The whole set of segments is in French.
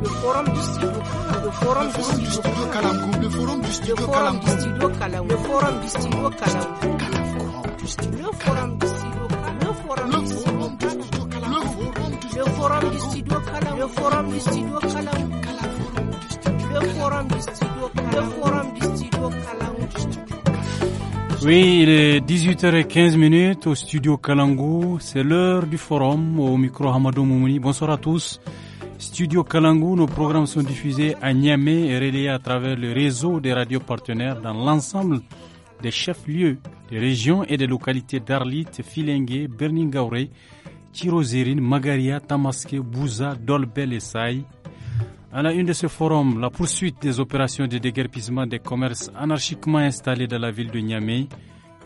le forum du studio le forum du studio kalangu le forum du studio kalangu le forum du studio kalangu le forum du studio le forum du studio kalangu le forum du studio kalangu le forum du studio le forum du studio kalangu oui, il est 18h15 au studio Kalangou. C'est l'heure du forum au micro Hamadou Moumouni. Bonsoir à tous. Studio Kalangou, nos programmes sont diffusés à Niamey et relayés à travers le réseau des radios partenaires dans l'ensemble des chefs-lieux des régions et des localités d'Arlit, Filengue, Berningaure, Tirozérine, Magaria, Tamaske, Bouza, Dolbel et Saï. À la une de ce forum, la poursuite des opérations de déguerpissement des commerces anarchiquement installés dans la ville de Niamey.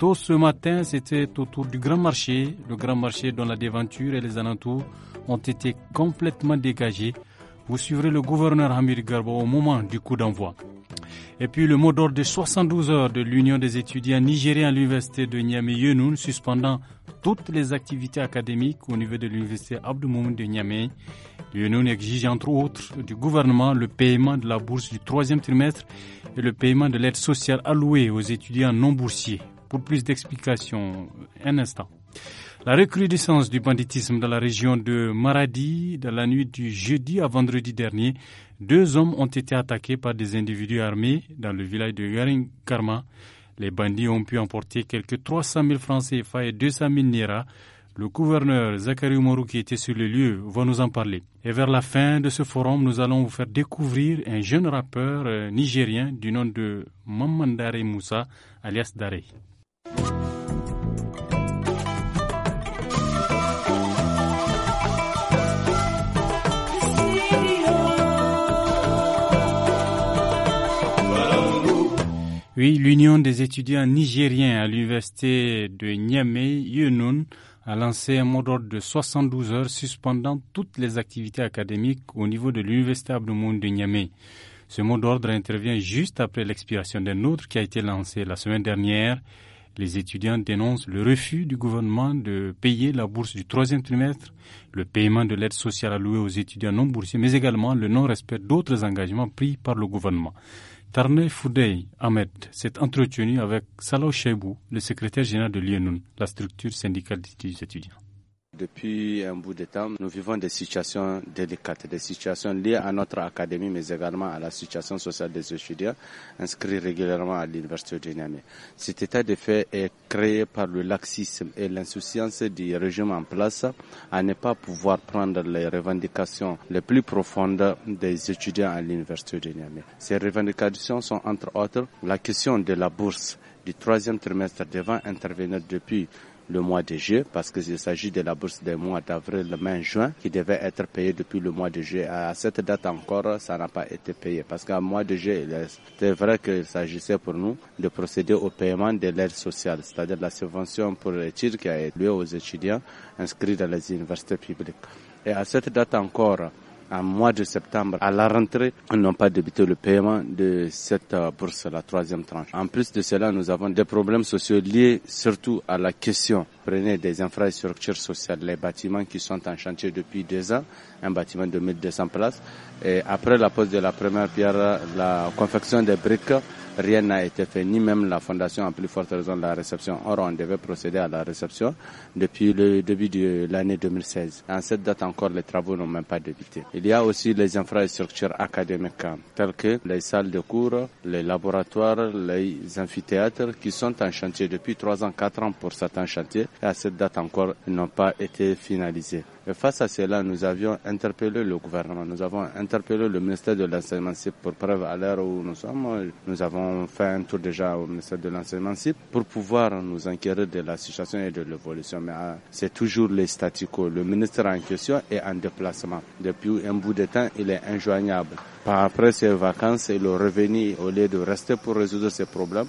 Tôt ce matin, c'était autour du Grand Marché, le Grand Marché dans la déventure et les alentours ont été complètement dégagés. Vous suivrez le gouverneur Hamid Garba au moment du coup d'envoi. Et puis le mot d'ordre de 72 heures de l'Union des étudiants nigériens à l'université de Niamey-Yenoun, suspendant toutes les activités académiques au niveau de l'université Abdoumoum de Niamey. yenoun exige entre autres du gouvernement le paiement de la bourse du troisième trimestre et le paiement de l'aide sociale allouée aux étudiants non boursiers. Pour plus d'explications, un instant. La recrudescence du banditisme dans la région de Maradi, dans la nuit du jeudi à vendredi dernier, deux hommes ont été attaqués par des individus armés dans le village de Yaring Karma. Les bandits ont pu emporter quelques 300 000 francs CFA et 200 000 Nira. Le gouverneur Zachary Umaru, qui était sur le lieu, va nous en parler. Et vers la fin de ce forum, nous allons vous faire découvrir un jeune rappeur euh, nigérien du nom de Mamandare Moussa, alias Dare. Oui, l'Union des étudiants nigériens à l'université de Niamey, Yunun, a lancé un mot d'ordre de 72 heures suspendant toutes les activités académiques au niveau de l'université Abdoumoun de Niamey. Ce mot d'ordre intervient juste après l'expiration d'un autre qui a été lancé la semaine dernière. Les étudiants dénoncent le refus du gouvernement de payer la bourse du troisième trimestre, le paiement de l'aide sociale allouée aux étudiants non boursiers, mais également le non-respect d'autres engagements pris par le gouvernement. Tarné Foudey Ahmed s'est entretenu avec Salo Chebou, le secrétaire général de l'IENUN, la structure syndicale des étudiants. Depuis un bout de temps, nous vivons des situations délicates, des situations liées à notre académie, mais également à la situation sociale des étudiants inscrits régulièrement à l'Université de Niamey. Cet état de fait est créé par le laxisme et l'insouciance du régime en place à ne pas pouvoir prendre les revendications les plus profondes des étudiants à l'Université de Niamey. Ces revendications sont entre autres la question de la bourse du troisième trimestre devant intervenir depuis le mois de juillet, parce qu'il s'agit de la bourse des mois d'avril, mai, juin, qui devait être payée depuis le mois de juillet. À cette date encore, ça n'a pas été payé, parce qu'à mois de juillet, c'est vrai qu'il s'agissait pour nous de procéder au paiement de l'aide sociale, c'est-à-dire la subvention pour l'étude qui a été aux étudiants inscrits dans les universités publiques. Et à cette date encore, en mois de septembre, à la rentrée, n'ont pas débuté le paiement de cette euh, bourse, la troisième tranche. En plus de cela, nous avons des problèmes sociaux liés surtout à la question Prenez des infrastructures sociales, les bâtiments qui sont en chantier depuis deux ans, un bâtiment de 1200 places. Et après la pose de la première pierre, la confection des briques, rien n'a été fait, ni même la fondation, en plus forte raison de la réception. Or, on devait procéder à la réception depuis le début de l'année 2016. En cette date encore, les travaux n'ont même pas débuté. Il y a aussi les infrastructures académiques, telles que les salles de cours, les laboratoires, les amphithéâtres, qui sont en chantier depuis trois ans, quatre ans pour certains chantiers et à cette date encore, ils n'ont pas été finalisés. Et face à cela, nous avions interpellé le gouvernement, nous avons interpellé le ministère de l'Enseignement CIP pour preuve à l'heure où nous sommes. Nous avons fait un tour déjà au ministère de l'Enseignement CIP pour pouvoir nous inquérir de la situation et de l'évolution. Mais ah, c'est toujours les statu quo. Le ministre en question est en déplacement. Depuis un bout de temps, il est injoignable. Après ses vacances, il est revenu au lieu de rester pour résoudre ses problèmes.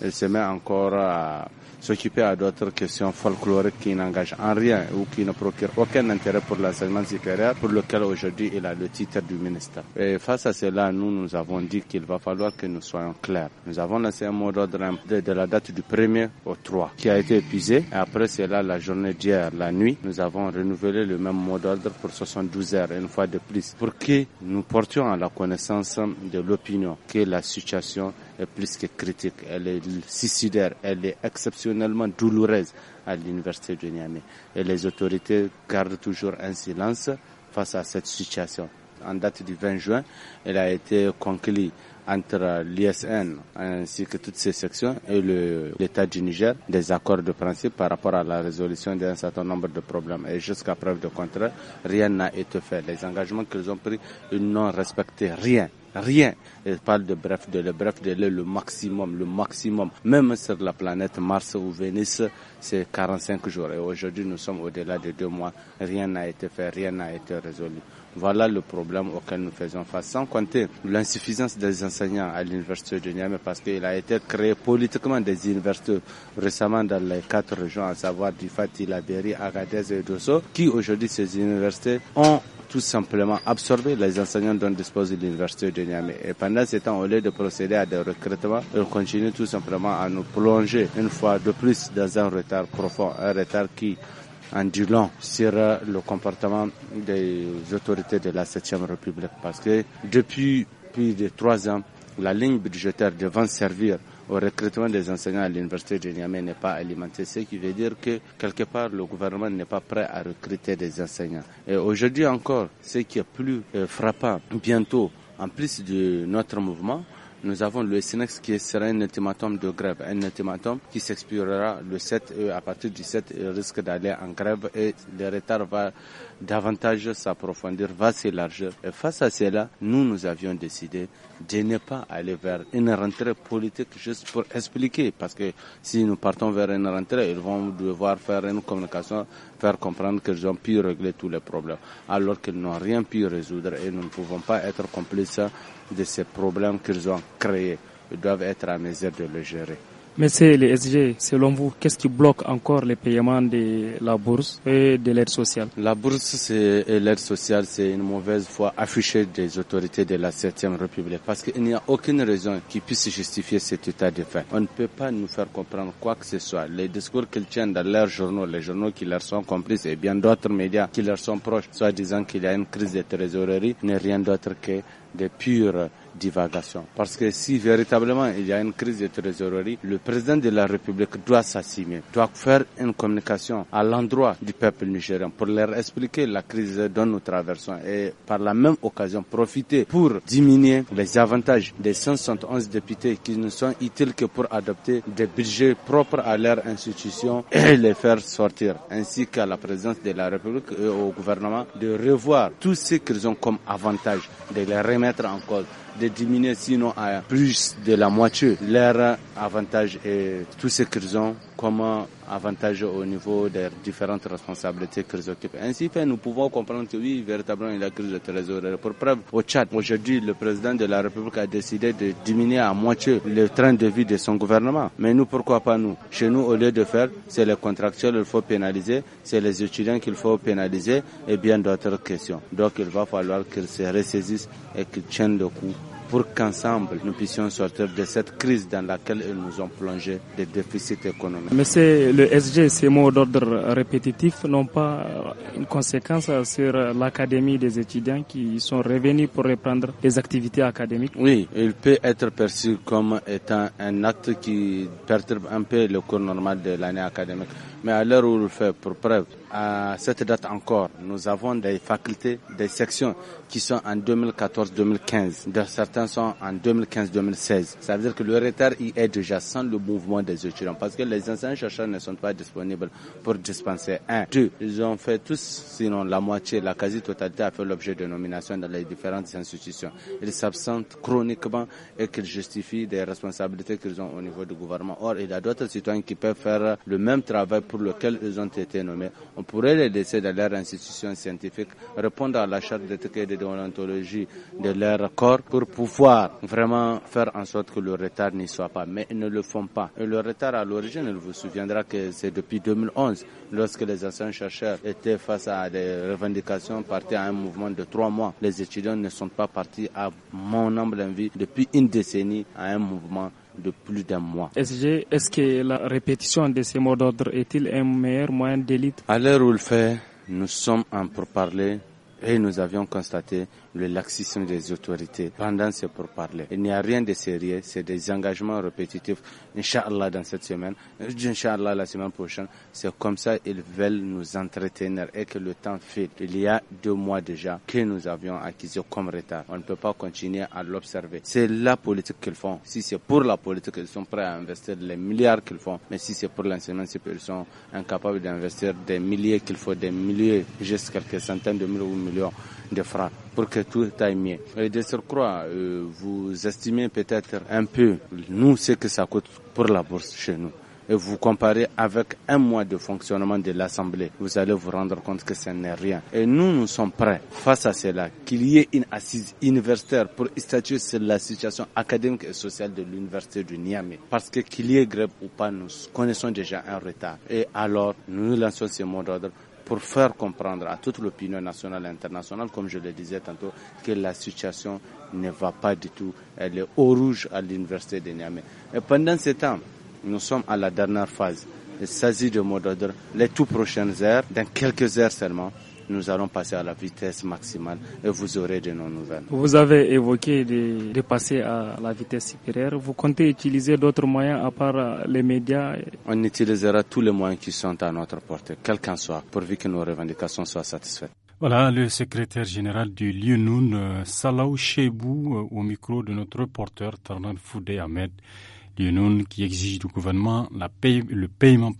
Il se met encore à s'occuper à d'autres questions folkloriques qui n'engagent en rien ou qui ne procurent aucun intérêt pour l'enseignement supérieur pour lequel aujourd'hui il a le titre du ministère. Et face à cela, nous, nous avons dit qu'il va falloir que nous soyons clairs. Nous avons lancé un mot d'ordre de, la date du 1er au 3 qui a été épuisé. Et après cela, la journée d'hier, la nuit, nous avons renouvelé le même mot d'ordre pour 72 heures, une fois de plus, pour que nous portions à la connaissance de l'opinion que la situation est plus que critique, elle est suicidaire, elle est exceptionnellement douloureuse à l'université de Niamey. Et les autorités gardent toujours un silence face à cette situation. En date du 20 juin, elle a été conclue entre l'ISN ainsi que toutes ses sections et l'État du Niger des accords de principe par rapport à la résolution d'un certain nombre de problèmes. Et jusqu'à preuve de contraire, rien n'a été fait. Les engagements qu'ils ont pris, ils n'ont respecté rien rien. Il parle de bref de le bref de le, le maximum, le maximum. Même sur la planète Mars ou Vénus, c'est 45 jours. Et aujourd'hui, nous sommes au-delà de deux mois. Rien n'a été fait, rien n'a été résolu. Voilà le problème auquel nous faisons face, sans compter l'insuffisance des enseignants à l'université de Niamey, parce qu'il a été créé politiquement des universités récemment dans les quatre régions, à savoir Du La Labéry, Agadez et Dosso, qui aujourd'hui ces universités ont tout simplement absorber les enseignants dont dispose l'université de Niamey. Et pendant ce temps, au lieu de procéder à des recrutements, on continue tout simplement à nous plonger une fois de plus dans un retard profond, un retard qui en du long sur le comportement des autorités de la Septième République. Parce que depuis plus de trois ans, la ligne budgétaire devant servir au recrutement des enseignants à l'université de Niamey n'est pas alimenté, ce qui veut dire que quelque part le gouvernement n'est pas prêt à recruter des enseignants. Et aujourd'hui encore, ce qui est plus euh, frappant, bientôt, en plus de notre mouvement, nous avons le SINEX qui sera un ultimatum de grève, un ultimatum qui s'expirera le 7 euh, à partir du 7 risque d'aller en grève et le retard va davantage s'approfondir, va s'élargir. Et face à cela, nous, nous avions décidé de ne pas aller vers une rentrée politique juste pour expliquer, parce que si nous partons vers une rentrée, ils vont devoir faire une communication, faire comprendre qu'ils ont pu régler tous les problèmes, alors qu'ils n'ont rien pu résoudre et nous ne pouvons pas être complices de ces problèmes qu'ils ont créés. Ils doivent être à mesure de les gérer. Mais c'est les SG, selon vous, qu'est-ce qui bloque encore les paiements de la bourse et de l'aide sociale La bourse et l'aide sociale, c'est une mauvaise foi affichée des autorités de la 7 République parce qu'il n'y a aucune raison qui puisse justifier cet état de fait. On ne peut pas nous faire comprendre quoi que ce soit. Les discours qu'ils tiennent dans leurs journaux, les journaux qui leur sont complices et bien d'autres médias qui leur sont proches, soit disant qu'il y a une crise de trésorerie, n'est rien d'autre que des pures divagation. Parce que si véritablement il y a une crise de trésorerie, le président de la République doit s'assumer, doit faire une communication à l'endroit du peuple nigérien pour leur expliquer la crise dont nous traversons et par la même occasion profiter pour diminuer les avantages des 171 députés qui ne sont utiles que pour adopter des budgets propres à leur institution et les faire sortir, ainsi qu'à la présidence de la République et au gouvernement de revoir tout ce qu'ils ont comme avantages, de les remettre en cause de diminuer sinon à plus de la moitié leur avantage et tout ce qu'ils ont, comment avantage au niveau des différentes responsabilités qu'ils occupent. Ainsi fait, nous pouvons comprendre que oui, véritablement, il a crise de trésorerie. Pour preuve, au Tchad, aujourd'hui, le président de la République a décidé de diminuer à moitié le train de vie de son gouvernement. Mais nous, pourquoi pas nous Chez nous, au lieu de faire, c'est les contractuels qu'il faut pénaliser, c'est les étudiants qu'il faut pénaliser et bien d'autres questions. Donc, il va falloir qu'ils se ressaisissent et qu'ils tiennent le coup pour qu'ensemble nous puissions sortir de cette crise dans laquelle ils nous ont plongé des déficits économiques. Mais c'est le SG, ces mots d'ordre répétitif n'ont pas euh, une conséquence sur euh, l'académie des étudiants qui sont revenus pour reprendre les activités académiques. Oui, il peut être perçu comme étant un acte qui perturbe un peu le cours normal de l'année académique. Mais à l'heure où on le fait pour preuve, à cette date encore, nous avons des facultés, des sections qui sont en 2014-2015. Certains sont en 2015-2016. Ça veut dire que le retard y est déjà sans le mouvement des étudiants parce que les enseignants chercheurs ne sont pas disponibles pour dispenser. Un, deux, ils ont fait tous, sinon la moitié, la quasi-totalité a fait l'objet de nominations dans les différentes institutions. Ils s'absentent chroniquement et qu'ils justifient des responsabilités qu'ils ont au niveau du gouvernement. Or, il y a d'autres citoyens qui peuvent faire le même travail pour lequel ils ont été nommés. On pourrait les laisser dans leur institution scientifique répondre à la charte d'éthique et de déontologie de leur corps pour pouvoir vraiment faire en sorte que le retard n'y soit pas. Mais ils ne le font pas. Et le retard à l'origine, il vous souviendra que c'est depuis 2011, lorsque les anciens chercheurs étaient face à des revendications, partis à un mouvement de trois mois. Les étudiants ne sont pas partis à mon humble envie depuis une décennie à un mouvement de plus d'un mois. est-ce que la répétition de ces mots d'ordre est-il un meilleur moyen d'élite À l'heure où le fait, nous sommes en pourparlers et nous avions constaté le laxisme des autorités pendant ces pourparlers. Il n'y a rien de sérieux, c'est des engagements répétitifs. Inch'Allah dans cette semaine, Inch'Allah la semaine prochaine, c'est comme ça ils veulent nous entretenir et que le temps file. Il y a deux mois déjà que nous avions acquis comme retard. On ne peut pas continuer à l'observer. C'est la politique qu'ils font. Si c'est pour la politique, ils sont prêts à investir les milliards qu'ils font. Mais si c'est pour l'enseignement, ils sont incapables d'investir des milliers qu'il faut, des milliers, juste quelques centaines de milliers ou milliers de francs pour que tout aille mieux. Et de surcroît, euh, vous estimez peut-être un peu, nous, ce que ça coûte pour la bourse chez nous. Et vous comparez avec un mois de fonctionnement de l'Assemblée, vous allez vous rendre compte que ce n'est rien. Et nous, nous sommes prêts face à cela, qu'il y ait une assise universitaire pour statuer sur la situation académique et sociale de l'université du Niamey. Parce que qu'il y ait grève ou pas, nous connaissons déjà un retard. Et alors, nous lançons ce mot d'ordre pour faire comprendre à toute l'opinion nationale et internationale, comme je le disais tantôt, que la situation ne va pas du tout. Elle est au rouge à l'université de Niamey. Et pendant ce temps, nous sommes à la dernière phase. Il s'agit de mode les tout prochaines heures, dans quelques heures seulement, nous allons passer à la vitesse maximale et vous aurez de nos nouvelles. Vous avez évoqué de, passer à la vitesse supérieure. Vous comptez utiliser d'autres moyens à part euh, les médias On utilisera tous les moyens qui sont à notre portée, quel qu'en soit, pourvu que nos revendications soient satisfaites. Voilà le secrétaire général du Lyonoun, euh, Salaou Chebou, euh, au micro de notre reporter Tarnan Foudé Ahmed. Lyonoun qui exige du gouvernement le paiement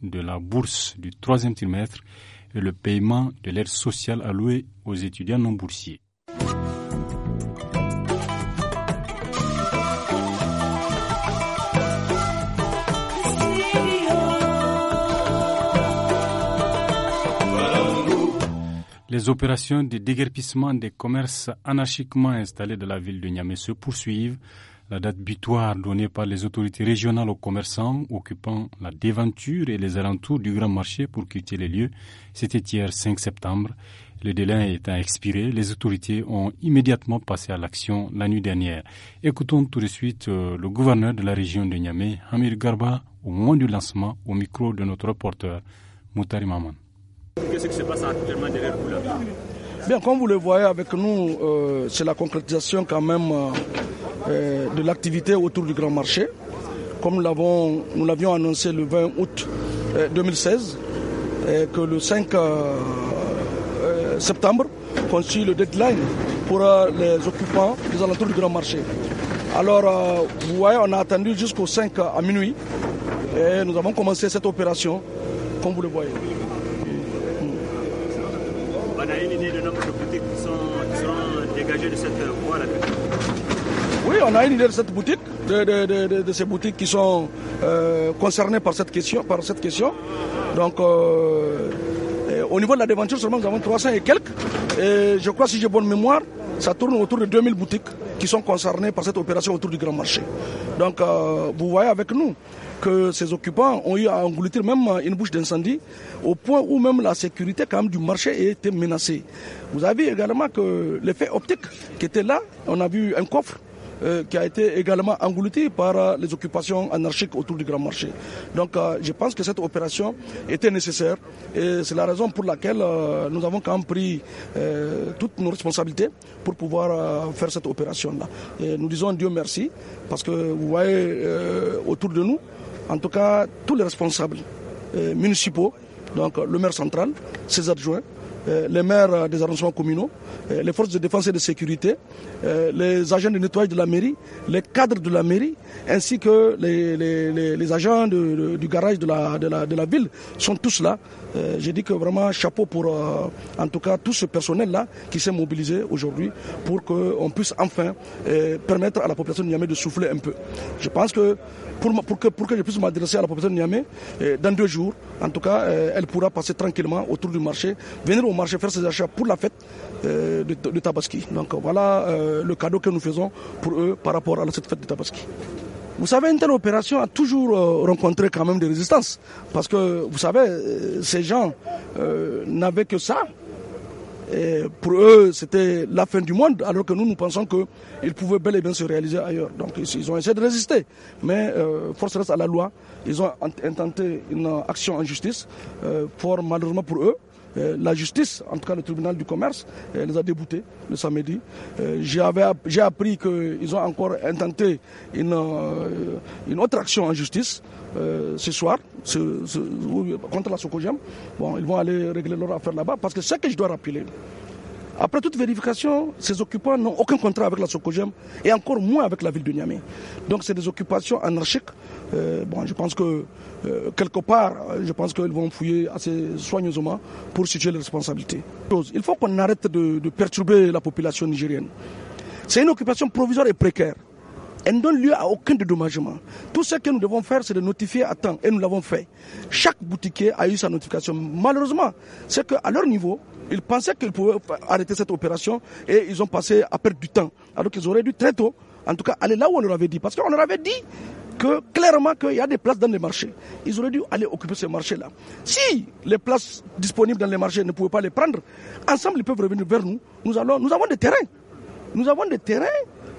de la bourse du troisième trimestre et le paiement de l'aide sociale allouée aux étudiants non boursiers. Les opérations de déguerpissement des commerces anarchiquement installés de la ville de Niamey se poursuivent la date butoir donnée par les autorités régionales aux commerçants occupant la déventure et les alentours du grand marché pour quitter les lieux, c'était hier 5 septembre. Le délai étant expiré, les autorités ont immédiatement passé à l'action la nuit dernière. Écoutons tout de suite euh, le gouverneur de la région de Niamey, Hamir Garba, au moment du lancement au micro de notre reporter, Moutari Qu'est-ce qui se passe comme vous le voyez avec nous, euh, c'est la concrétisation quand même euh, euh, de l'activité autour du grand marché. Comme nous l'avions annoncé le 20 août 2016, que le 5 septembre on suit le deadline pour les occupants des alentours du grand marché. Alors, vous voyez, on a attendu jusqu'au 5 à minuit et nous avons commencé cette opération, comme vous le voyez on a une idée de nombre de boutiques qui, sont, dégagées de cette voie-là Oui, on a une idée de cette boutique, de, de, de, de ces boutiques qui sont euh, concernées par cette question. Par cette question. Donc, euh, au niveau de la devanture, seulement nous avons 300 et quelques. Et je crois, si j'ai bonne mémoire, ça tourne autour de 2000 boutiques qui sont concernées par cette opération autour du grand marché. Donc euh, vous voyez avec nous que ces occupants ont eu à engloutir même une bouche d'incendie au point où même la sécurité quand même du marché a été menacée. Vous avez également que l'effet optique qui était là, on a vu un coffre euh, qui a été également englouti par euh, les occupations anarchiques autour du Grand Marché. Donc euh, je pense que cette opération était nécessaire et c'est la raison pour laquelle nous avons quand même pris toutes nos responsabilités pour pouvoir faire cette opération-là. nous disons Dieu merci parce que vous voyez autour de nous, en tout cas tous les responsables municipaux, donc le maire central, ses adjoints, euh, les maires euh, des arrondissements communaux, euh, les forces de défense et de sécurité, les agents de nettoyage de la mairie, les cadres de la mairie, ainsi que les, agents du garage de la, ville sont tous là. J'ai dit que vraiment chapeau pour en tout cas tout ce personnel-là qui s'est mobilisé aujourd'hui pour qu'on puisse enfin permettre à la population de Niamey de souffler un peu. Je pense que pour, que, pour que je puisse m'adresser à la population de Niamey euh, dans deux jours. En tout cas, euh, elle pourra passer tranquillement autour du marché, venir au marché faire ses achats pour la fête euh, de, Tabaski. Donc voilà le cadeau que nous faisons pour eux par rapport à cette fête de Tabaski. Vous savez, une telle opération a toujours rencontré quand même des résistances. Parce que, vous savez, ces gens n'avaient que ça et pour eux, c'était la fin du monde, alors que nous, nous pensons qu'ils pouvaient bel et bien se réaliser ailleurs. Donc, ils ont essayé de résister. Mais euh, force reste à la loi. Ils ont intenté une action en justice, euh, fort malheureusement pour eux. Euh, la justice, en tout cas le tribunal du commerce, euh, les a déboutés le samedi. Euh, j'ai appris qu'ils ont encore intenté une, autre action en justice ce soir contre la Socogem. Bon, ils vont aller régler leur affaire là-bas parce que ce que je dois rappeler, après toute vérification, ces occupants n'ont aucun contrat avec la Socogem et encore moins avec la ville de Niamey. Donc c'est des occupations anarchiques. Euh, bon, je pense que euh, quelque part, je pense qu'ils vont fouiller assez soigneusement pour situer les responsabilités. Il faut qu'on arrête de, de perturber la population nigérienne. C'est une occupation provisoire et précaire. Elle ne donne lieu à aucun dédommagement. Tout ce que nous devons faire, c'est de notifier à temps, et nous l'avons fait. Chaque boutiquier a eu sa notification. Malheureusement, c'est qu'à leur niveau, ils pensaient qu'ils pouvaient arrêter cette opération et ils ont passé à perdre du temps. Alors qu'ils auraient dû très tôt, en tout cas, aller là où on leur avait dit. Parce qu'on leur avait dit que clairement qu'il y a des places dans les marchés. Ils auraient dû aller occuper ces marchés-là. Si les places disponibles dans les marchés ne pouvaient pas les prendre, ensemble ils peuvent revenir vers nous. Nous, allons, nous avons des terrains. Nous avons des terrains,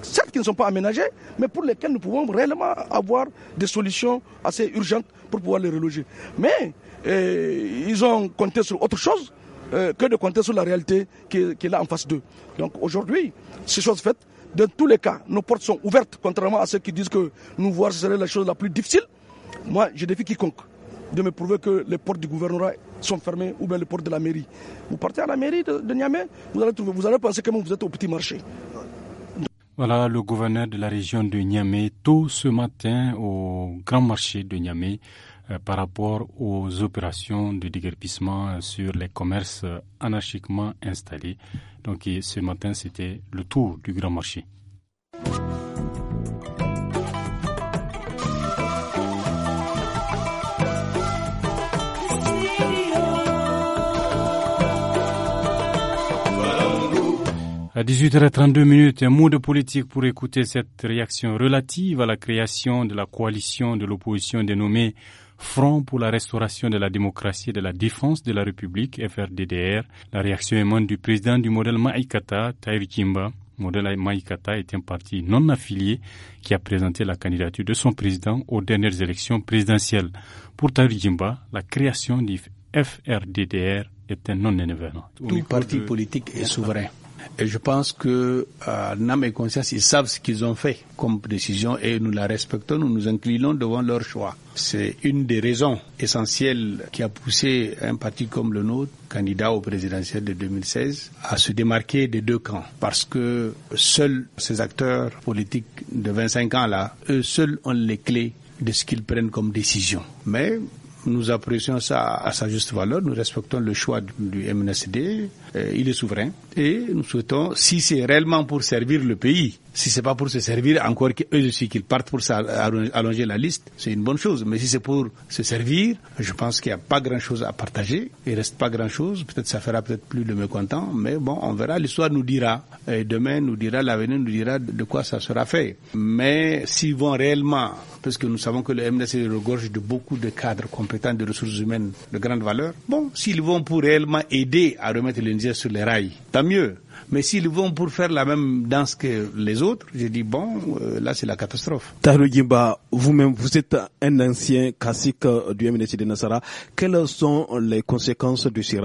certes qui ne sont pas aménagés, mais pour lesquels nous pouvons réellement avoir des solutions assez urgentes pour pouvoir les reloger. Mais eh, ils ont compté sur autre chose euh, que de compter sur la réalité qu'il qui est là en face d'eux. Donc aujourd'hui, ces choses faites, dans tous les cas, nos portes sont ouvertes, contrairement à ceux qui disent que nous voir serait la chose la plus difficile. Moi, je défie quiconque de me prouver que les portes du gouvernement sont fermées ou bien les portes de la mairie. Vous partez à la mairie de, Niamey, vous allez, vous allez penser que vous êtes au petit marché. Voilà le gouverneur de la région de Niamey, tôt ce matin au grand marché de Niamey. Euh, par rapport aux opérations de déguerpissement euh, sur les commerces euh, anarchiquement installés. Donc ce matin, c'était le tour du grand marché. À 18h32 minutes, un mot de politique pour écouter cette réaction relative à la création de la coalition de l'opposition dénommée Front pour la restauration de la démocratie et de la défense de la République, FRDDR. La réaction émane du président du modèle Maïkata, Taïri Kimba. Modèle Maïkata est un parti non affilié qui a présenté la candidature de son président aux dernières élections présidentielles. Pour Taïri Kimba, la création du FRDDR est un non-événement. Tout parti politique est souverain. Et je pense que, en euh, âme et conscience, ils savent ce qu'ils ont fait comme décision et nous la respectons, nous nous inclinons devant leur choix. C'est une des raisons essentielles qui a poussé un parti comme le nôtre, candidat au présidentiel de 2016, à se démarquer des deux camps. Parce que seuls ces acteurs politiques de 25 ans là, eux seuls ont les clés de ce qu'ils prennent comme décision. Mais nous apprécions ça à sa juste valeur. Nous respectons le choix du MNSD. Euh, il est souverain. Et nous souhaitons, si c'est réellement pour servir le pays, si c'est pas pour se servir, encore qu'eux aussi qu'ils partent pour allonger la liste, c'est une bonne chose. Mais si c'est pour se servir, je pense qu'il n'y a pas grand chose à partager. Il reste pas grand chose. Peut-être ça fera peut-être plus de mécontents. Mais bon, on verra. L'histoire nous dira. Et demain nous dira, l'avenir nous dira de quoi ça sera fait. Mais s'ils vont réellement, parce que nous savons que le MDC regorge de beaucoup de cadres compétents de ressources humaines de grande valeur, bon, s'ils vont pour réellement aider à remettre l'UNICEF sur les rails, tant mieux. Mais s'ils vont pour faire la même danse que les autres, j'ai dit, bon, euh, là c'est la catastrophe. Tarugimba, vous-même, vous êtes un ancien classique euh, du MNCD Nassara. Quelles sont les conséquences du ce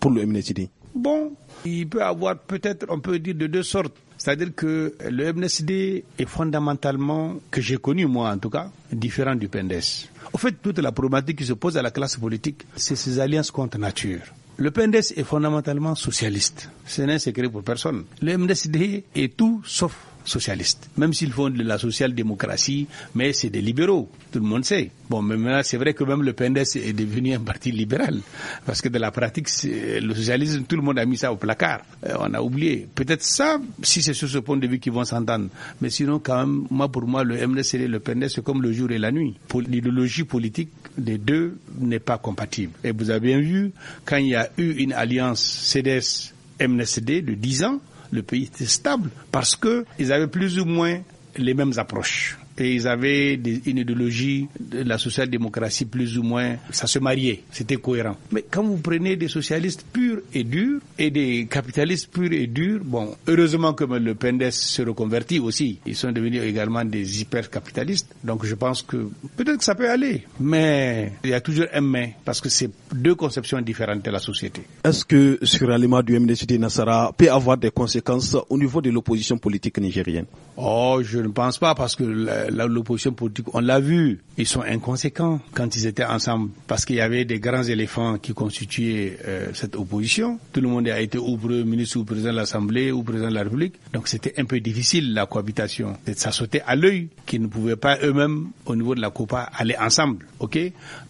pour le MNCD Bon, il peut avoir peut-être, on peut dire, de deux sortes. C'est-à-dire que le MNCD est fondamentalement, que j'ai connu moi en tout cas, différent du Pendès. Au fait, toute la problématique qui se pose à la classe politique, c'est ses alliances contre nature. Le PNDS est fondamentalement socialiste. Ce n'est un secret pour personne. Le MDSD est tout sauf socialistes. Même s'ils font de la social-démocratie, mais c'est des libéraux, tout le monde sait. Bon, mais maintenant, c'est vrai que même le PNDS est devenu un parti libéral, parce que de la pratique, le socialisme, tout le monde a mis ça au placard. Euh, on a oublié. Peut-être ça, si c'est sur ce point de vue qu'ils vont s'entendre. Mais sinon, quand même, moi, pour moi, le MNSD et le PNDS, c'est comme le jour et la nuit. Pour l'idéologie politique des deux n'est pas compatible. Et vous avez bien vu, quand il y a eu une alliance CDS-MNSD de 10 ans, le pays était stable parce qu'ils avaient plus ou moins les mêmes approches et ils avaient une idéologie de la social-démocratie plus ou moins, ça se mariait, c'était cohérent. Mais quand vous prenez des socialistes purs et durs et des capitalistes purs et durs, bon, heureusement que le PNDES se reconvertit aussi, ils sont devenus également des hyper-capitalistes, donc je pense que peut-être que ça peut aller, mais il y a toujours un mais, parce que c'est deux conceptions différentes de la société. Est-ce que sur l'aliment du de Nassara peut avoir des conséquences au niveau de l'opposition politique nigérienne Oh, je ne pense pas, parce que l'opposition politique, on l'a vu, ils sont inconséquents quand ils étaient ensemble, parce qu'il y avait des grands éléphants qui constituaient euh, cette opposition. Tout le monde a été ou ministre ou président de l'Assemblée ou président de la République. Donc c'était un peu difficile la cohabitation. Ça sautait à l'œil qu'ils ne pouvaient pas eux-mêmes, au niveau de la COPA, aller ensemble. Ok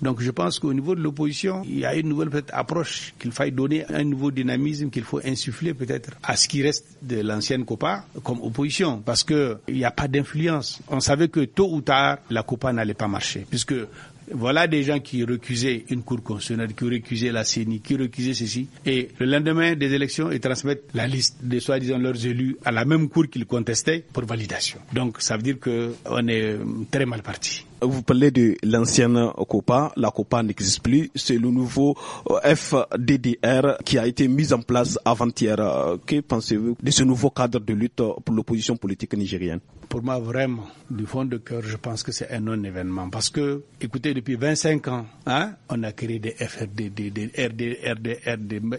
Donc je pense qu'au niveau de l'opposition, il y a une nouvelle approche qu'il faille donner un nouveau dynamisme qu'il faut insuffler peut-être à ce qui reste de l'ancienne COPA comme opposition, parce que il n'y a pas d'influence. On savait que tôt ou tard, la COPA n'allait pas marcher, puisque voilà des gens qui recusaient une cour constitutionnelle, qui recusaient la CENI, qui recusaient ceci. Et le lendemain des élections, ils transmettent la liste des soi-disant leurs élus à la même cour qu'ils contestaient pour validation. Donc ça veut dire qu'on est très mal parti. Vous parlez de l'ancienne COPA. La COPA n'existe plus. C'est le nouveau euh, FDDR qui a été mis en place avant-hier. Euh, que pensez-vous de ce nouveau cadre de lutte pour l'opposition politique nigérienne Pour moi, vraiment, du fond de cœur, je pense que c'est un non-événement. Parce que, écoutez, depuis 25 ans, hein, on a créé des FDDR, des RDR, des RD.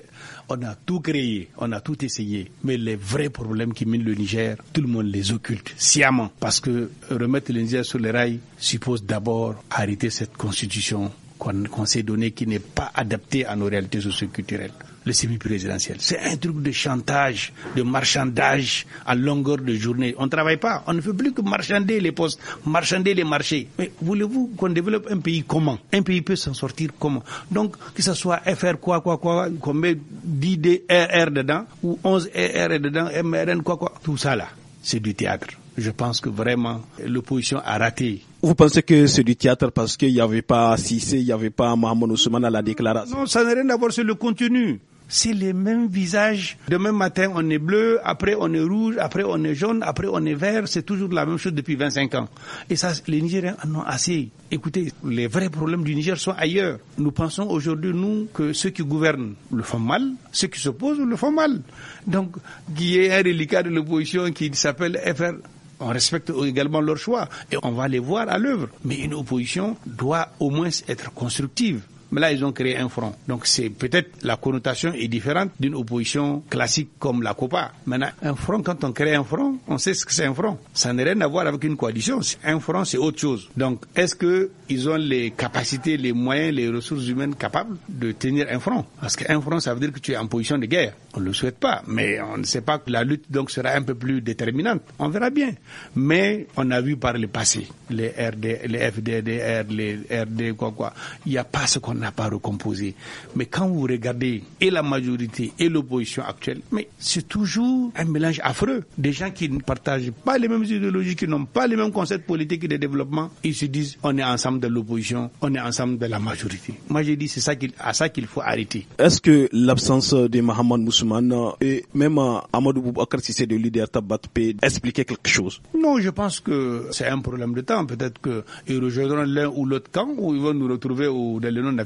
On a tout créé, on a tout essayé. Mais les vrais problèmes qui minent le Niger, tout le monde les occulte sciemment. Parce que euh, remettre le Niger sur les rails super faut d'abord arrêter cette constitution qu'on s'est donnée qui n'est pas adaptée à nos réalités socioculturelles. Le semi-présidentiel, c'est un truc de chantage, de marchandage à longueur de journée. On ne travaille pas, on ne fait plus que marchander les postes, marchander les marchés. Mais voulez-vous qu'on développe un pays comment Un pays peut s'en sortir comment Donc, que ce soit FR quoi, quoi, quoi, qu'on met 10 DRR dedans, ou 11 RR dedans, MRN quoi, quoi, tout ça là, c'est du théâtre. Je pense que vraiment, l'opposition a raté vous pensez que c'est du théâtre parce qu'il n'y avait pas Sissé, il n'y avait pas Mahmoud Ousmane à la déclaration Non, ça n'a rien à voir sur le contenu. C'est les mêmes visages. Demain matin, on est bleu, après on est rouge, après on est jaune, après on est vert. C'est toujours la même chose depuis 25 ans. Et ça, les Nigériens en ont assez. Écoutez, les vrais problèmes du Niger sont ailleurs. Nous pensons aujourd'hui, nous, que ceux qui gouvernent le font mal, ceux qui s'opposent le font mal. Donc, il y a un reliquat de l'opposition qui s'appelle FR on respecte également leur choix et on va les voir à l'œuvre. Mais une opposition doit au moins être constructive mais là, ils ont créé un front. Donc, c'est peut-être la connotation est différente d'une opposition classique comme la COPA. Maintenant, un front, quand on crée un front, on sait ce que c'est un front. Ça n'a rien à voir avec une coalition. Un front, c'est autre chose. Donc, est-ce que ils ont les capacités, les moyens, les ressources humaines capables de tenir un front? Parce qu'un front, ça veut dire que tu es en position de guerre. On ne le souhaite pas, mais on ne sait pas que la lutte donc sera un peu plus déterminante. On verra bien. Mais on a vu par le passé, les RD, les FDDR, les RD, quoi, quoi. Il n'y a pas ce qu'on a n'a pas recomposé. Mais quand vous regardez et la majorité et l'opposition actuelle, mais c'est toujours un mélange affreux. Des gens qui ne partagent pas les mêmes idéologies, qui n'ont pas les mêmes concepts politiques et de développement, ils se disent on est ensemble de l'opposition, on est ensemble de la majorité. Moi j'ai dit c'est ça qu'il, à ça qu'il faut arrêter. Est-ce que l'absence de Mohamed Moussoumane et même euh, Amadou Boubacar c'est de l'idée Tabat peut expliquer quelque chose Non, je pense que c'est un problème de temps. Peut-être qu'ils rejoindront l'un ou l'autre camp ou ils vont nous retrouver au, dans le nom de la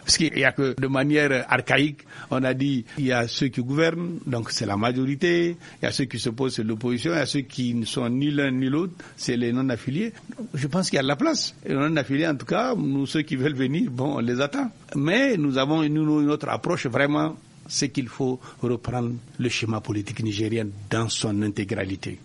parce qu'il n'y a que de manière archaïque, on a dit, il y a ceux qui gouvernent, donc c'est la majorité, il y a ceux qui s'opposent, c'est l'opposition, il y a ceux qui ne sont ni l'un ni l'autre, c'est les non-affiliés. Je pense qu'il y a de la place. Les non-affiliés, en tout cas, nous, ceux qui veulent venir, bon, on les attend. Mais nous avons une, une autre approche vraiment c'est qu'il faut reprendre le schéma politique nigérien dans son intégralité.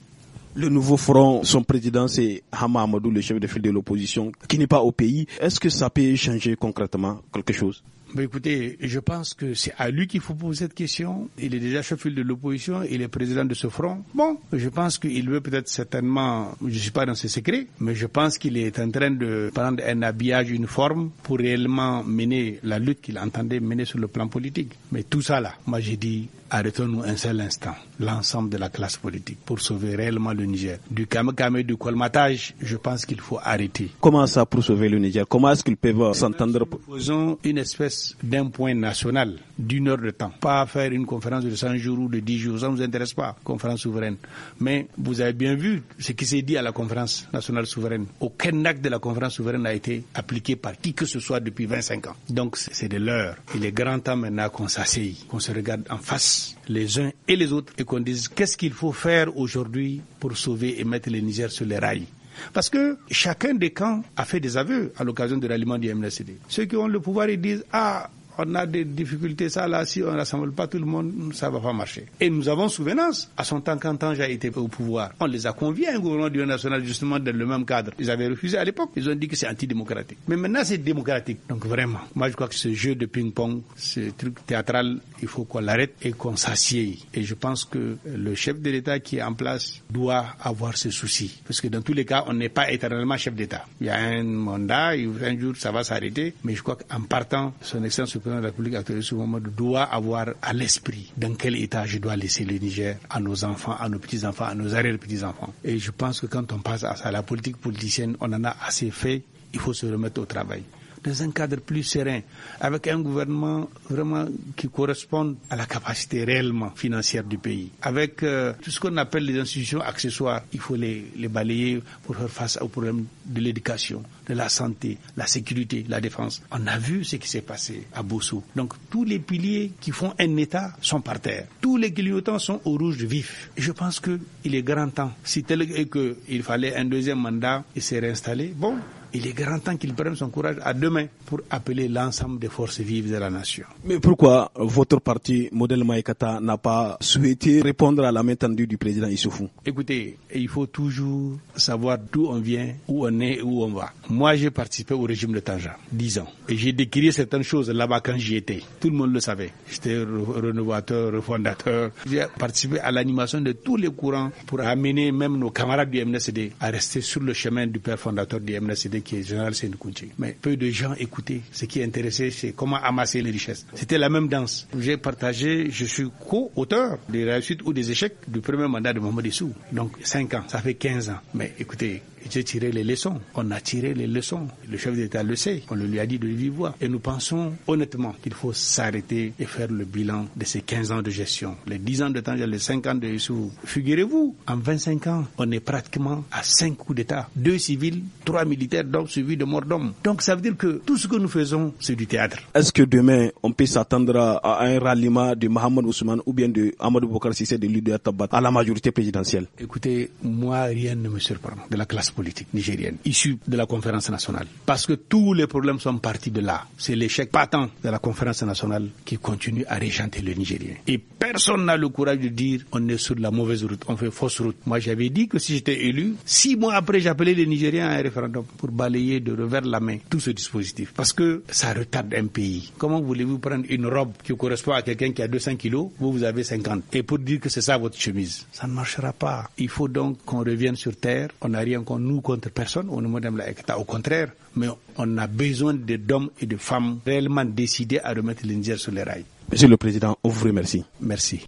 Le nouveau front, son président, c'est Hama Amadou, le chef de file de l'opposition, qui n'est pas au pays. Est-ce que ça peut changer concrètement quelque chose bah, écoutez, je pense que c'est à lui qu'il faut poser cette question. Il est déjà chef de l'opposition, il est président de ce front. Bon, je pense qu'il veut peut-être certainement, je ne suis pas dans ses secrets, mais je pense qu'il est en train de prendre un habillage, une forme pour réellement mener la lutte qu'il entendait mener sur le plan politique. Mais tout ça là, moi j'ai dit, Arrêtons-nous un seul instant, l'ensemble de la classe politique, pour sauver réellement le Niger. Du kamekame, du colmatage, je pense qu'il faut arrêter. Comment ça pour sauver le Niger Comment est-ce qu'ils peuvent s'entendre faisons une espèce d'un point national d'une heure de temps. Pas à faire une conférence de 100 jours ou de 10 jours, ça ne vous intéresse pas, conférence souveraine. Mais vous avez bien vu ce qui s'est dit à la conférence nationale souveraine. Aucun acte de la conférence souveraine n'a été appliqué par qui que ce soit depuis 25 ans. Donc c'est de l'heure. Il est grand temps maintenant qu'on s'asseye, qu'on se regarde en face, les uns et les autres, et qu'on dise qu'est-ce qu'il faut faire aujourd'hui pour sauver et mettre le Niger sur les rails. Parce que chacun des camps a fait des aveux à l'occasion de l'aliment du MNCD. Ceux qui ont le pouvoir, ils disent, ah, on a des difficultés, ça là, si on rassemble pas tout le monde, ça va pas marcher. Et nous avons souvenance. À son temps, quand j'ai été au pouvoir, on les a conviés à un gouvernement du national justement dans le même cadre. Ils avaient refusé à l'époque. Ils ont dit que c'est antidémocratique. Mais maintenant, c'est démocratique. Donc vraiment, moi je crois que ce jeu de ping-pong, ce truc théâtral, il faut qu'on l'arrête et qu'on s'assied. Et je pense que le chef de l'État qui est en place doit avoir ce souci. Parce que dans tous les cas, on n'est pas éternellement chef d'État. Il y a un mandat, un jour ça va s'arrêter. Mais je crois qu'en partant, son excellence président de la République Mohamed, doit avoir à l'esprit dans quel état je dois laisser le Niger à nos enfants, à nos petits-enfants, à nos arrière-petits-enfants. Et je pense que quand on passe à ça, la politique politicienne, on en a assez fait, il faut se remettre au travail dans un cadre plus serein, avec un gouvernement vraiment qui corresponde à la capacité réellement financière du pays. Avec euh, tout ce qu'on appelle les institutions accessoires, il faut les, balayer pour faire face aux problèmes de l'éducation, de la santé, la sécurité, la défense. On a vu ce qui s'est passé à Bosso. Donc tous les piliers qui font un État sont par terre. Tous les clignotants sont au rouge vif. Je pense qu'il est grand temps, si tel est qu'il fallait un deuxième mandat et s'est réinstaller, bon, il est grand temps qu'il prenne son courage à demain pour appeler l'ensemble des forces vives de la nation. Mais pourquoi votre parti, modèle Maïkata, n'a pas souhaité répondre à la main tendue du président Issoufou Écoutez, il faut toujours savoir d'où on vient, où on est, où on va. Moi, j'ai participé au régime de Tanja, dix ans. Et j'ai décrit certaines choses là-bas quand j'y étais. Tout le monde le savait. J'étais renovateur, fondateur. J'ai participé à l'animation de tous les courants pour amener même nos camarades du MNCD à rester sur le chemin du père fondateur du MNCD qui est général Sénikounché. Mais peu de gens écoutaient. Ce qui intéressait, c'est comment amasser les richesses. C'était la même danse. J'ai partagé, je suis co-auteur des réussites ou des échecs du premier mandat de Mohamed Issou. Donc 5 ans, ça fait 15 ans. Mais écoutez, j'ai tiré les leçons. On a tiré les leçons. Le chef d'État le sait. On lui a dit de vivre. Et nous pensons honnêtement qu'il faut s'arrêter et faire le bilan de ces 15 ans de gestion. Les 10 ans de temps, les 5 ans de Yusuf. Figurez-vous, en 25 ans, on est pratiquement à 5 coups d'État. Deux civils, trois militaires, donc suivis de morts d'hommes. Donc ça veut dire que tout ce que nous faisons, c'est du théâtre. Est-ce que demain, on peut s'attendre à un ralliement de Mohamed Ousmane ou bien de Amadou Bokar Sissé de l'UDA Tabat à la majorité présidentielle Écoutez, moi, rien ne me surprend de la classe politique nigérienne issue de la conférence nationale. Parce que tous les problèmes sont partis de là. C'est l'échec patent de la conférence nationale qui continue à régenter le Nigérien. Et personne n'a le courage de dire on est sur la mauvaise route, on fait fausse route. Moi j'avais dit que si j'étais élu, six mois après j'appelais les Nigériens à un référendum pour balayer de revers la main tout ce dispositif. Parce que ça retarde un pays. Comment voulez-vous prendre une robe qui correspond à quelqu'un qui a 200 kilos, vous vous avez 50. Et pour dire que c'est ça votre chemise, ça ne marchera pas. Il faut donc qu'on revienne sur terre, on n'a rien contre nous contre personne, on ne de pas Au contraire, mais on a besoin d'hommes et de femmes réellement décidés à remettre l'Indien sur les rails. Monsieur le Président, on vous remercie. Merci.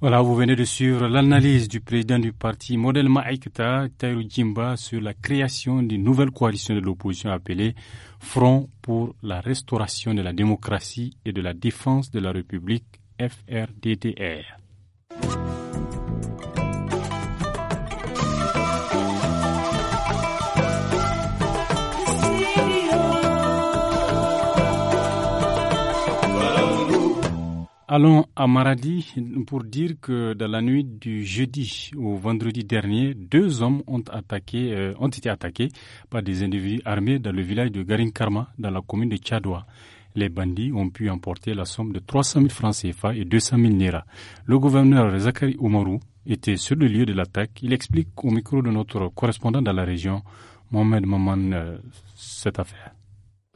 Voilà, vous venez de suivre l'analyse du président du parti Model Maïkta, Taïro Djimba, sur la création d'une nouvelle coalition de l'opposition appelée Front pour la restauration de la démocratie et de la défense de la République, FRDDR. Allons à Maradi pour dire que dans la nuit du jeudi au vendredi dernier, deux hommes ont, attaqué, euh, ont été attaqués par des individus armés dans le village de Garinkarma, dans la commune de Tchadoua. Les bandits ont pu emporter la somme de 300 000 francs CFA et 200 000 Nera. Le gouverneur Zakari Oumarou était sur le lieu de l'attaque. Il explique au micro de notre correspondant dans la région, Mohamed Maman, euh, cette affaire.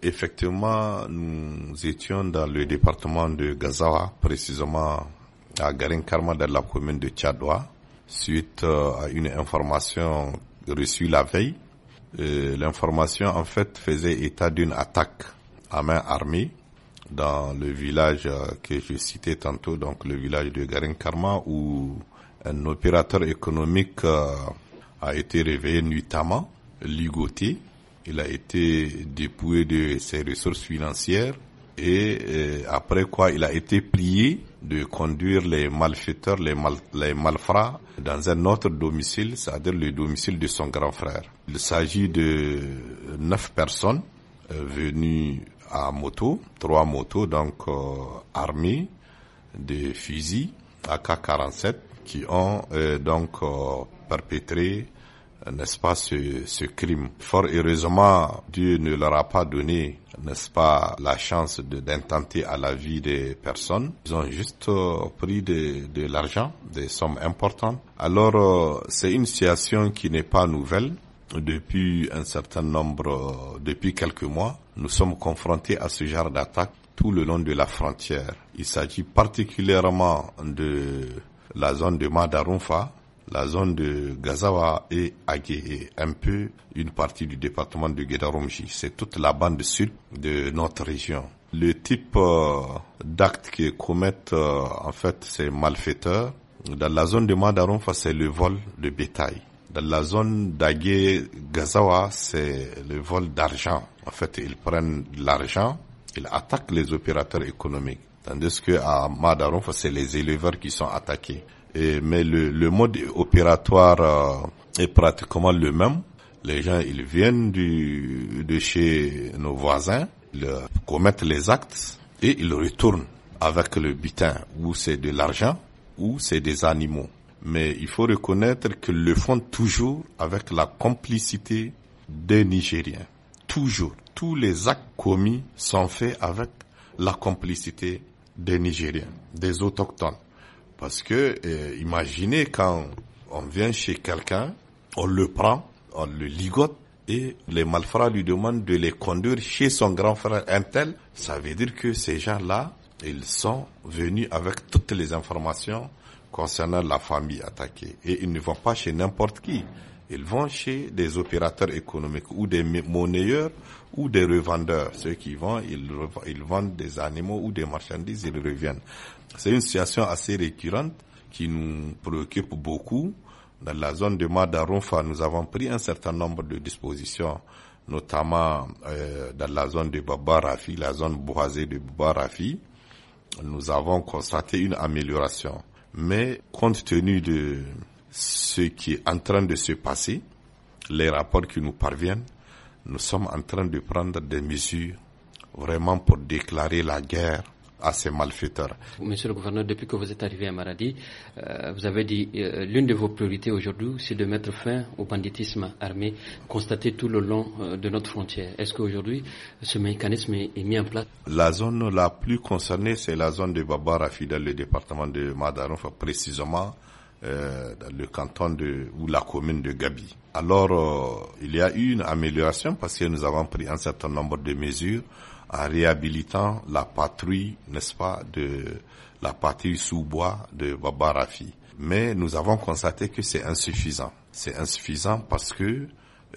Effectivement, nous étions dans le département de Gazawa, précisément à Garin Karma dans la commune de Tchadwa, suite euh, à une information reçue la veille. Euh, l'information en fait faisait état d'une attaque à main armée dans le village euh, que je citais tantôt, donc le village de Garinkarma, Karma, où un opérateur économique a été réveillé nuitamment, ligoté, il a été dépouillé de ses ressources financières et euh, après quoi il a été plié de conduire les malfaiteurs, les, mal, les malfrats dans un autre domicile, c'est-à-dire le domicile de son grand frère. Il s'agit de neuf personnes euh, venues à moto, trois motos donc euh, armées de fusils AK-47 qui ont donc perpétré euh, n'est-ce pas, ce, crime. Fort heureusement, Dieu ne leur a pas donné, n'est-ce pas, la chance d'intenter à la vie des personnes. Ils ont juste euh, pris de, de l'argent, des sommes importantes. Alors, euh, c'est une situation qui n'est pas nouvelle. Depuis un certain nombre, depuis quelques mois, nous sommes confrontés à ce genre d'attaque tout le long de la frontière. Il s'agit particulièrement de la zone de Madarunfa, la zone de Gazawa et Agé est un peu une partie du département de Guédaromji. C'est toute la bande sud de notre région. Le type euh, d'actes que commettent euh, en fait ces malfaiteurs, dans la zone de Madarumfa, c'est le vol de bétail. Dans la zone d'Agé Gazawa, c'est le vol d'argent. En fait, ils prennent de l'argent, ils attaquent les opérateurs économiques. Tandis que à c'est les éleveurs qui sont attaqués mais le, mode opératoire euh, est pratiquement le même. Les gens, ils viennent du, de chez nos voisins, ils commettent les actes et ils retournent avec le butin, ou c'est de l'argent, ou c'est des animaux. Mais il faut reconnaître qu'ils le font toujours avec la complicité des Nigériens. Toujours. Tous les actes commis sont faits avec la complicité des Nigériens, des autochtones. Parce que euh, imaginez quand on vient chez quelqu'un, on le prend, on le ligote et les malfrats lui demandent de les conduire chez son grand frère Intel. Ça veut dire que ces gens-là, ils sont venus avec toutes les informations concernant la famille attaquée. Et ils ne vont pas chez n'importe qui. Ils vont chez des opérateurs économiques ou des monnayeurs ou des revendeurs. Ceux qui vont, ils, ils vendent des animaux ou des marchandises, ils reviennent. C'est une situation assez récurrente qui nous préoccupe beaucoup. Dans la zone de Madaronfa, nous avons pris un certain nombre de dispositions, notamment euh, dans la zone de Babarafi, la zone boisée de Rafi. Nous avons constaté une amélioration. Mais compte tenu de ce qui est en train de se passer, les rapports qui nous parviennent, nous sommes en train de prendre des mesures vraiment pour déclarer la guerre ces malfaiteurs. Monsieur le gouverneur, depuis que vous êtes arrivé à Maradi, euh, vous avez dit que euh, l'une de vos priorités aujourd'hui, c'est de mettre fin au banditisme armé constaté tout le long euh, de notre frontière. Est-ce qu'aujourd'hui, ce mécanisme est, mis en place La zone la plus concernée, c'est la zone de Babarafi dans le département de Madarouf, précisément dans le canton de, ou la commune de Gabi. Alors, il y a eu une amélioration parce que nous avons pris un certain nombre de mesures en réhabilitant la patrie, n'est-ce pas, de la patrie sous bois de Baba Rafi. Mais nous avons constaté que c'est insuffisant. C'est insuffisant parce que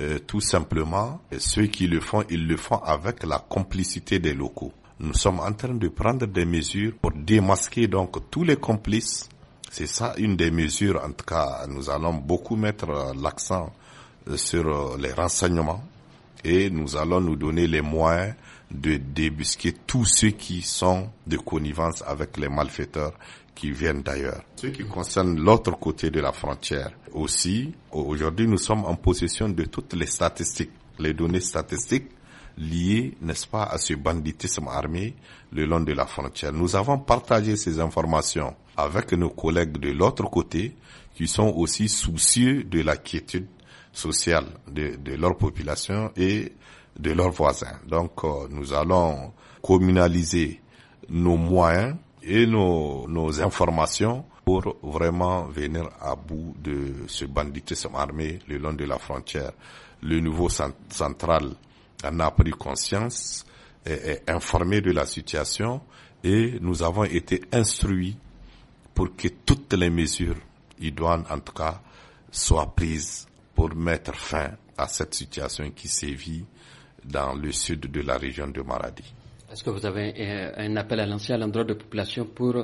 euh, tout simplement, ceux qui le font, ils le font avec la complicité des locaux. Nous sommes en train de prendre des mesures pour démasquer donc tous les complices. C'est ça une des mesures, en tout cas, nous allons beaucoup mettre euh, l'accent euh, sur les renseignements et nous allons nous donner les moyens de débusquer tous ceux qui sont de connivence avec les malfaiteurs qui viennent d'ailleurs. Ce qui concerne l'autre côté de la frontière aussi, aujourd'hui nous sommes en possession de toutes les statistiques, les données statistiques liées, n'est-ce pas, à ce banditisme armé le long de la frontière. Nous avons partagé ces informations avec nos collègues de l'autre côté qui sont aussi soucieux de la quiétude sociale de, de leur population et de leurs voisins. Donc euh, nous allons communaliser nos moyens et nos, nos informations pour vraiment venir à bout de ce banditisme armé le long de la frontière. Le nouveau central en a pris conscience, et est informé de la situation et nous avons été instruits pour que toutes les mesures idoines, en tout cas, soient prises pour mettre fin à cette situation qui sévit dans le sud de la région de Maradi. Est-ce que vous avez euh, un appel à lancer à l'endroit de population pour euh,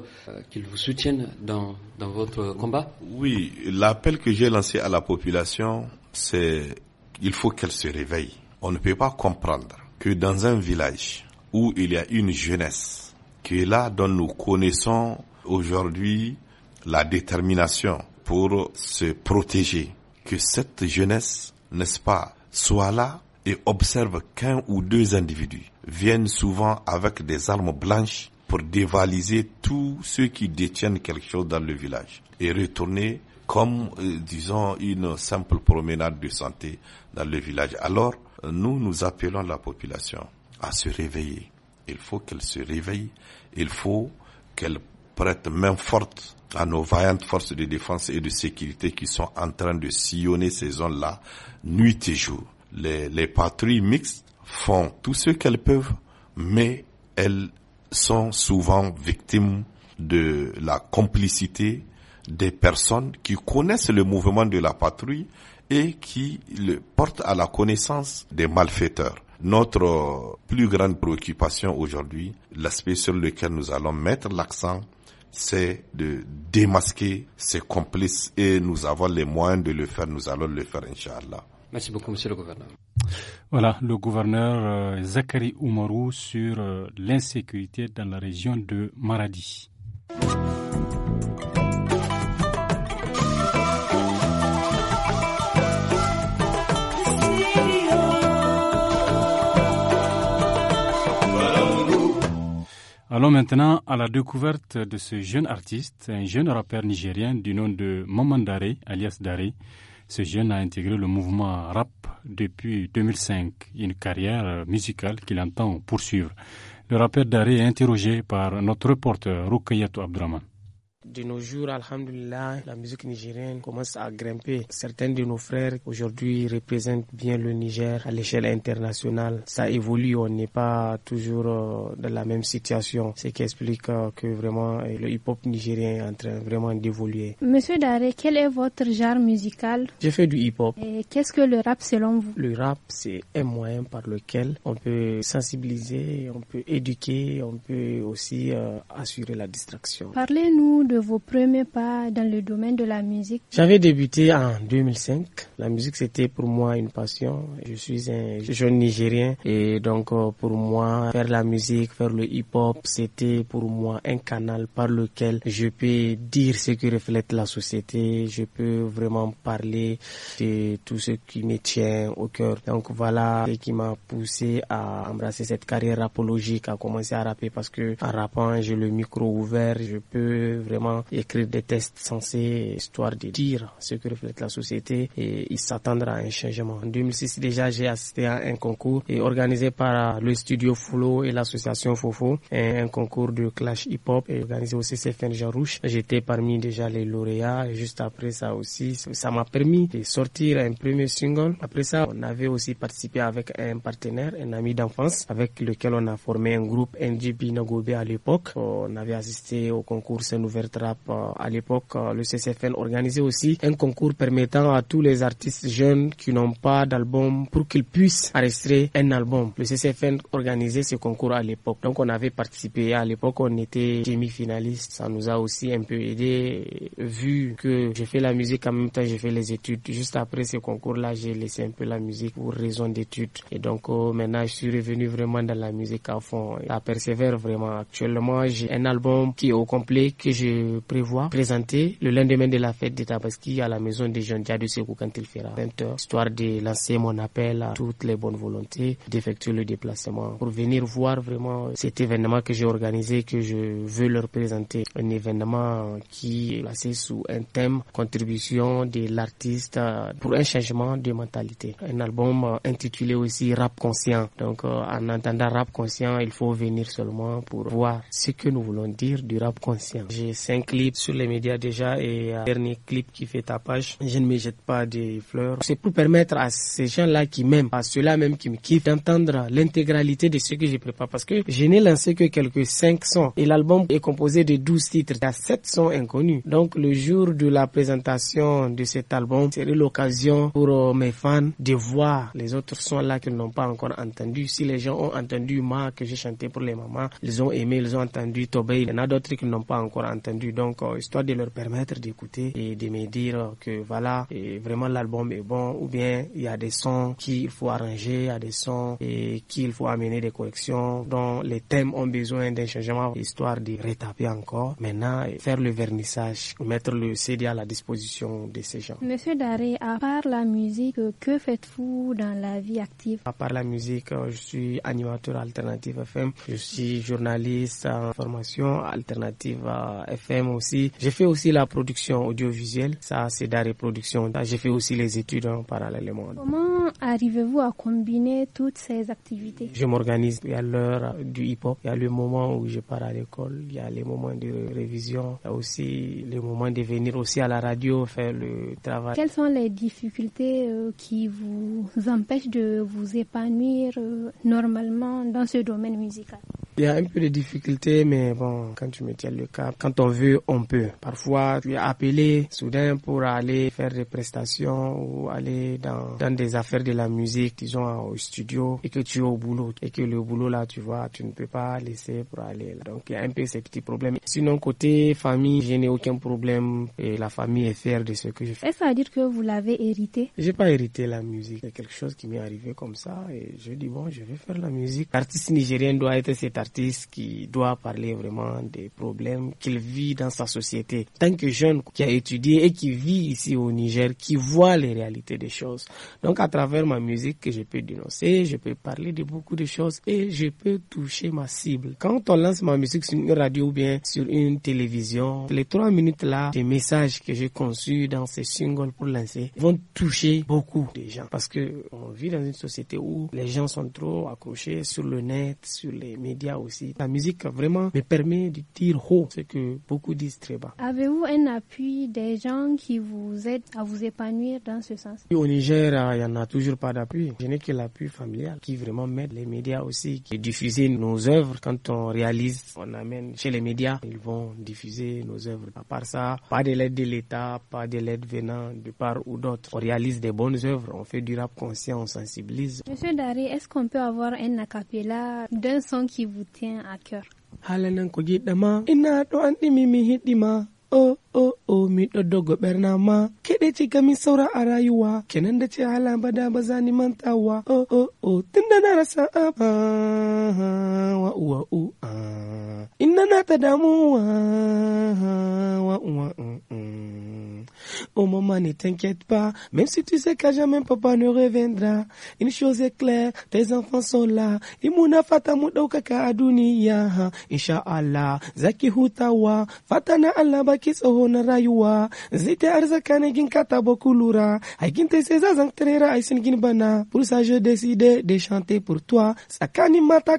qu'ils vous soutiennent dans, dans votre combat Oui, l'appel que j'ai lancé à la population, c'est il faut qu'elle se réveille. On ne peut pas comprendre que dans un village où il y a une jeunesse qui est là dont nous connaissons aujourd'hui la détermination pour se protéger, que cette jeunesse, n'est-ce pas, soit là et observe qu'un ou deux individus viennent souvent avec des armes blanches pour dévaliser tous ceux qui détiennent quelque chose dans le village et retourner comme, euh, disons, une simple promenade de santé dans le village. Alors, nous, nous appelons la population à se réveiller. Il faut qu'elle se réveille. Il faut qu'elle prête main forte à nos vaillantes forces de défense et de sécurité qui sont en train de sillonner ces zones-là nuit et jour les, patrouilles mixtes font tout ce qu'elles peuvent, mais elles sont souvent victimes de la complicité des personnes qui connaissent le mouvement de la patrouille et qui le portent à la connaissance des malfaiteurs. Notre plus grande préoccupation aujourd'hui, l'aspect sur lequel nous allons mettre l'accent, c'est de démasquer ces complices et nous avons les moyens de le faire, nous allons le faire, Inch'Allah. Merci beaucoup, monsieur le gouverneur. Voilà, le gouverneur euh, Zachary Oumarou sur euh, l'insécurité dans la région de Maradi. Allons maintenant à la découverte de ce jeune artiste, un jeune rappeur nigérien du nom de Mamandare, alias Dare, ce jeune a intégré le mouvement rap depuis 2005, une carrière musicale qu'il entend poursuivre. Le rappeur d'arrêt est interrogé par notre reporter Roukayatou Abdraman. De nos jours, Alhamdulillah, la musique nigérienne commence à grimper. Certains de nos frères aujourd'hui représentent bien le Niger à l'échelle internationale. Ça évolue, on n'est pas toujours euh, dans la même situation, ce qui explique euh, que vraiment euh, le hip-hop nigérien est en train vraiment d'évoluer. Monsieur Daré, quel est votre genre musical J'ai fait du hip-hop. Et qu'est-ce que le rap selon vous Le rap, c'est un moyen par lequel on peut sensibiliser, on peut éduquer, on peut aussi assurer la distraction. Parlez-nous de vos premiers pas dans le domaine de la musique J'avais débuté en 2005. La musique, c'était pour moi une passion. Je suis un jeune Nigérien et donc euh, pour moi, faire la musique, faire le hip-hop, c'était pour moi un canal par lequel je peux dire ce que reflète la société. Je peux vraiment parler de tout ce qui me tient au cœur. Donc voilà ce qui m'a poussé à embrasser cette carrière rapologique, à commencer à rapper parce que en rappant, j'ai le micro ouvert, je peux vraiment écrire des textes censés, histoire de dire ce que reflète la société et il s'attendent à un changement. En 2006 déjà, j'ai assisté à un concours organisé par le studio Flow et l'association Fofo, un, concours de clash hip-hop et organisé aussi CFN Jean Rouge. J'étais parmi déjà les lauréats juste après ça aussi, ça m'a permis de sortir un premier single. Après ça, on avait aussi participé avec un partenaire, un ami d'enfance avec lequel on a formé un groupe NGB Nagobe à l'époque. On avait assisté au concours Scène ouverte euh, à l'époque, euh, le CCFN organisait aussi un concours permettant à tous les artistes jeunes qui n'ont pas d'album pour qu'ils puissent enregistrer un album. Le CCFN organisait ce concours à l'époque. Donc on avait participé. À l'époque, on était demi-finaliste. Ça nous a aussi un peu aidé vu que j'ai fait la musique en même temps j'ai fait les études. Juste après ce concours-là, j'ai laissé un peu la musique pour raison d'études. Et donc euh, maintenant, je suis revenu vraiment dans la musique à fond. Et à persévère vraiment. Actuellement, j'ai un album qui est au complet que je prévoir présenter le lendemain de la fête de Tabaski à la maison des jeunes de Sekou quand il fera 20 h histoire de lancer mon appel à toutes les bonnes volontés d'effectuer le déplacement pour venir voir vraiment cet événement que j'ai organisé, que je veux leur présenter. Un événement qui est placé sous un thème contribution de l'artiste pour un changement de mentalité. Un album intitulé aussi Rap Conscient. Donc euh, en entendant Rap Conscient, il faut venir seulement pour voir ce que nous voulons dire du rap conscient. J'ai clips clip sur les médias déjà et euh, dernier clip qui fait tapage. Je ne me jette pas des fleurs. C'est pour permettre à ces gens-là qui m'aiment, à ceux-là même qui me kiffent, d'entendre l'intégralité de ce que j'ai prépare parce que je n'ai lancé que quelques cinq sons et l'album est composé de 12 titres. Il y a 7 sons inconnus. Donc le jour de la présentation de cet album c'est l'occasion pour euh, mes fans de voir les autres sons là qu'ils n'ont pas encore entendus. Si les gens ont entendu Ma que j'ai chanté pour les mamans, ils ont aimé, ils ont entendu Tobey. Il y en a d'autres qui n'ont pas encore entendu donc euh, histoire de leur permettre d'écouter et de me dire que voilà, et vraiment l'album est bon, ou bien il y a des sons qu'il faut arranger, il y a des sons et qu'il faut amener des corrections, dont les thèmes ont besoin d'un changement, histoire de retaper encore. Maintenant, faire le vernissage, mettre le CD à la disposition de ces gens. Monsieur Daré, à part la musique, que faites-vous dans la vie active À part la musique, euh, je suis animateur alternative FM, je suis journaliste en formation alternative euh, FM. Je aussi. J'ai fait aussi la production audiovisuelle, ça c'est la reproduction. J'ai fait aussi les études en parallèle. Comment arrivez-vous à combiner toutes ces activités Je m'organise. Il y a l'heure du hip-hop, il y a le moment où je pars à l'école, il y a les moments de révision, il y a aussi les moments de venir aussi à la radio faire le travail. Quelles sont les difficultés euh, qui vous empêchent de vous épanouir euh, normalement dans ce domaine musical il y a un peu de difficultés, mais bon, quand tu me tiens le cap, quand on veut, on peut. Parfois, tu es appelé soudain pour aller faire des prestations ou aller dans, dans des affaires de la musique, disons, au studio, et que tu es au boulot. Et que le boulot, là, tu vois, tu ne peux pas laisser pour aller Donc, il y a un peu ces petits problèmes. Sinon, côté famille, je n'ai aucun problème et la famille est fière de ce que je fais. Est-ce à dire que vous l'avez hérité? J'ai pas hérité la musique. C'est quelque chose qui m'est arrivé comme ça et je dis bon, je vais faire la musique. L'artiste nigérien doit être cet artiste qui doit parler vraiment des problèmes qu'il vit dans sa société. Tant que jeune qui a étudié et qui vit ici au Niger, qui voit les réalités des choses. Donc à travers ma musique que je peux dénoncer, je peux parler de beaucoup de choses et je peux toucher ma cible. Quand on lance ma musique sur une radio ou bien sur une télévision, les trois minutes là, les messages que j'ai conçus dans ces singles pour lancer vont toucher beaucoup de gens parce que on vit dans une société où les gens sont trop accrochés sur le net, sur les médias aussi. La musique vraiment me permet de tirer haut ce que beaucoup disent très bas. Avez-vous un appui des gens qui vous aident à vous épanouir dans ce sens Au Niger, ah, il n'y en a toujours pas d'appui. Je n'ai que l'appui familial qui vraiment m'aide. Les médias aussi qui diffusent nos œuvres. Quand on réalise, on amène chez les médias, ils vont diffuser nos œuvres. À part ça, pas de l'aide de l'État, pas de l'aide venant de part ou d'autre. On réalise des bonnes œuvres, on fait du rap conscient, on sensibilise. Monsieur Daré, est-ce qu'on peut avoir un acapella d'un son qui vous a tient à cœur halanan ko ina ɗo an ɗimi mi ma, o o o ɗo dogo ɓernama ce ka mi saura a rayuwa kenan da ce hala bada ba ni mantawa o o o tunda na rasa wa uwa u Ina na ta damuwa wa uwa Oh maman, ne t'inquiète pas, même si tu sais que jamais papa ne reviendra. Une chose est claire, tes enfants sont là. Imuna fata kaka aduniya. Insha Allah, zaki hutawa, fata na Allah baki tsoho na rayuwa. Zite arzakane gin katabo kulura. Aikin te seza zangtrera aisin gin bana. Pour ça, je décide de chanter pour toi. Sakani mata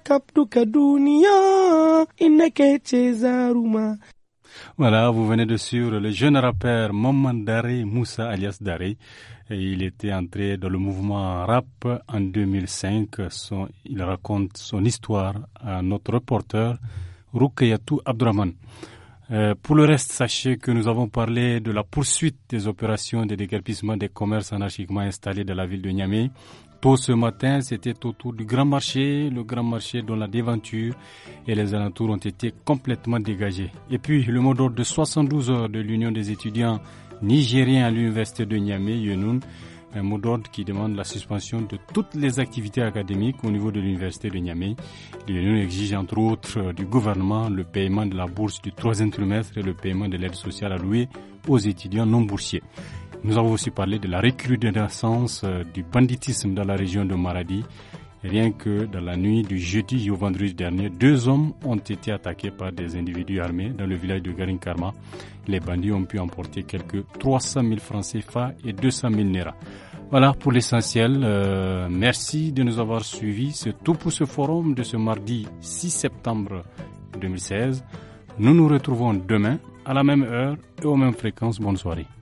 voilà, vous venez de suivre le jeune rappeur Dari Moussa alias Dare. il était entré dans le mouvement rap en 2005. il raconte son histoire à notre reporter Rukayatou Abdraman. Euh, pour le reste, sachez que nous avons parlé de la poursuite des opérations de déguerpissement des commerces anarchiquement installés dans la ville de Niamey tôt ce matin, c'était autour du Grand Marché, le Grand Marché dont la déventure et les alentours ont été complètement dégagés. Et puis, le mot d'ordre de 72 heures de l'Union des étudiants nigériens à l'Université de Niamey, Yenoun, un mot d'ordre qui demande la suspension de toutes les activités académiques au niveau de l'université de Niamey. L'Union exige entre autres du gouvernement le paiement de la bourse du troisième trimestre et le paiement de l'aide sociale allouée aux étudiants non boursiers. Nous avons aussi parlé de la recrudescence euh, du banditisme dans la région de Maradi. Rien que dans la nuit du jeudi au vendredi dernier, deux hommes ont été attaqués par des individus armés dans le village de Garinkarma. Les bandits ont pu emporter quelques 300 000 francs CFA et 200 000 Nera. Voilà pour l'essentiel. Euh, merci de nous avoir suivis. C'est tout pour ce forum de ce mardi 6 septembre 2016. Nous nous retrouvons demain à la même heure et aux mêmes fréquences. Bonne soirée.